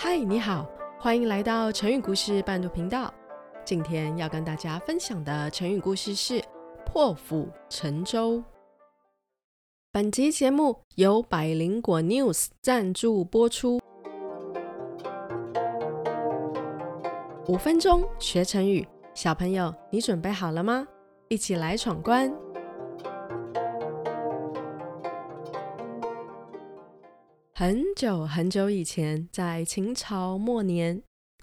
嗨，Hi, 你好，歡迎來到成語故事伴讀頻道。今天要跟大家分享的成語故事是“破釜沉舟”。本集節目由百靈果 News 贊助播出。五分鐘學成語，小朋友，你準備好了嗎？一起來闖關！很久很久以前，在秦朝末年，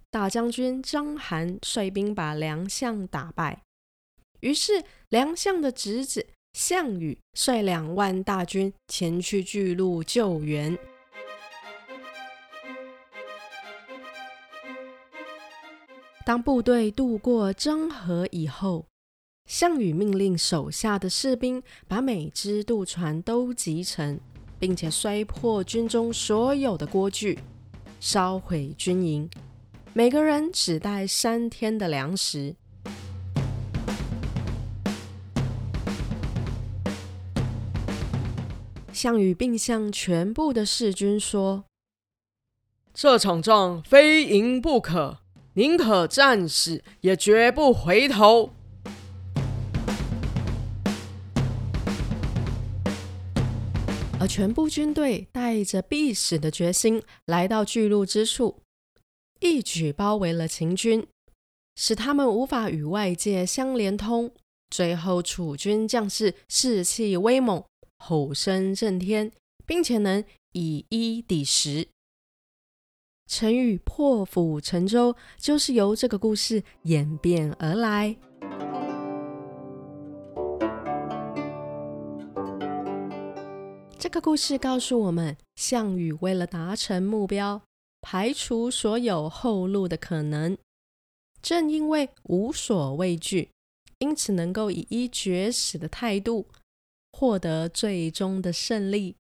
大將軍章邯率兵把梁相打敗。於是，梁相的侄子項羽率兩萬大軍前去巨鹿救援。當部隊渡過漳河以後，項羽命令手下的士兵把每隻渡船都集成。並且摔破軍中所有的鍋具，燒毀軍營，每個人只帶三天的糧食。項羽並向全部的士軍說：“這場仗非贏不可，寧可戰死，也絕不回頭。”全部軍隊帶着必死的決心來到巨鹿之處，一舉包圍了秦軍，使他們無法與外界相連通。最後，楚軍將士士氣威猛，吼聲震天，並且能以一抵十。成語“破釜沉舟”就是由這個故事演變而來。這個故事告訴我們，項羽為了達成目標，排除所有後路的可能，正因為無所畏懼，因此能夠以一決死的態度獲得最終的勝利。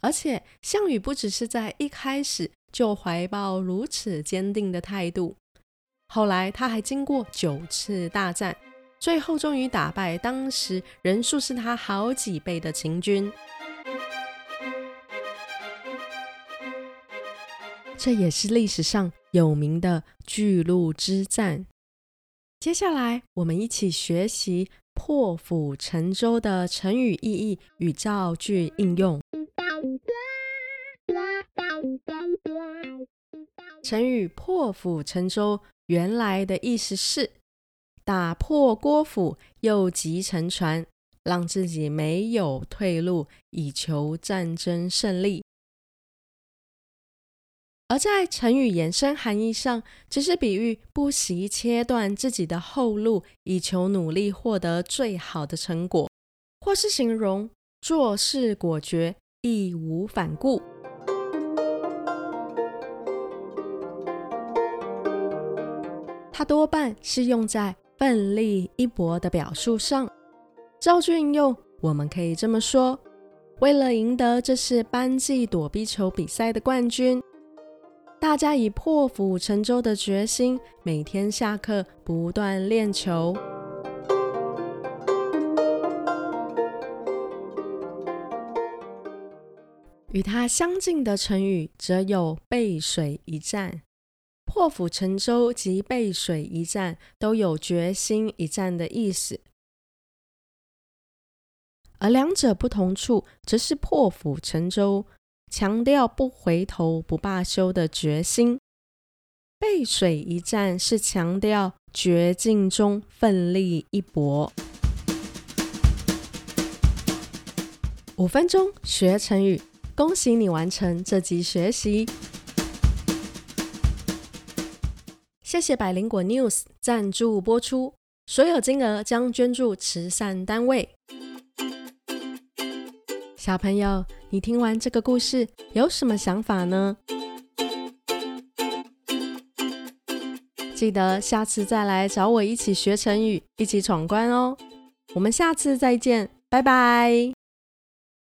而且，項羽不只是在一開始就懷抱如此堅定的態度，後來他還經過九次大戰，最後終於打敗當時人數是他好幾倍的秦軍。這也是歷史上有名的巨鹿之戰。接下來，我們一起學習“破釜沉舟”的成語意義與造句應用。成語“破釜沉舟”原來的意思是打破鍋釜，又擊沉船，讓自己沒有退路，以求戰爭勝利。而在成語延伸含義上，只是比喻不惜切斷自己的後路，以求努力獲得最好的成果，或是形容做事果決、義無反顧。它多半是用在奮力一搏的表述上。造句應用，我們可以這麼說：為了贏得這次班級躲避球比賽的冠軍。大家以破釜沉舟的決心，每天下課不斷練球。與它相近的成語則有背水一戰、破釜沉舟及背水一戰，都有決心一戰的意思。而兩者不同處，則是破釜沉舟，強調不回頭、不罷休的決心，背水一戰是強調絕境中奮力一搏。五分鐘學成語，恭喜你完成這集學習。謝謝百靈果 News 贊助播出，所有金額將捐助慈善單位。小朋友，你聽完這個故事有什麼想法呢？記得下次再來找我一起學成語，一起闖關哦！我們下次再見，拜拜。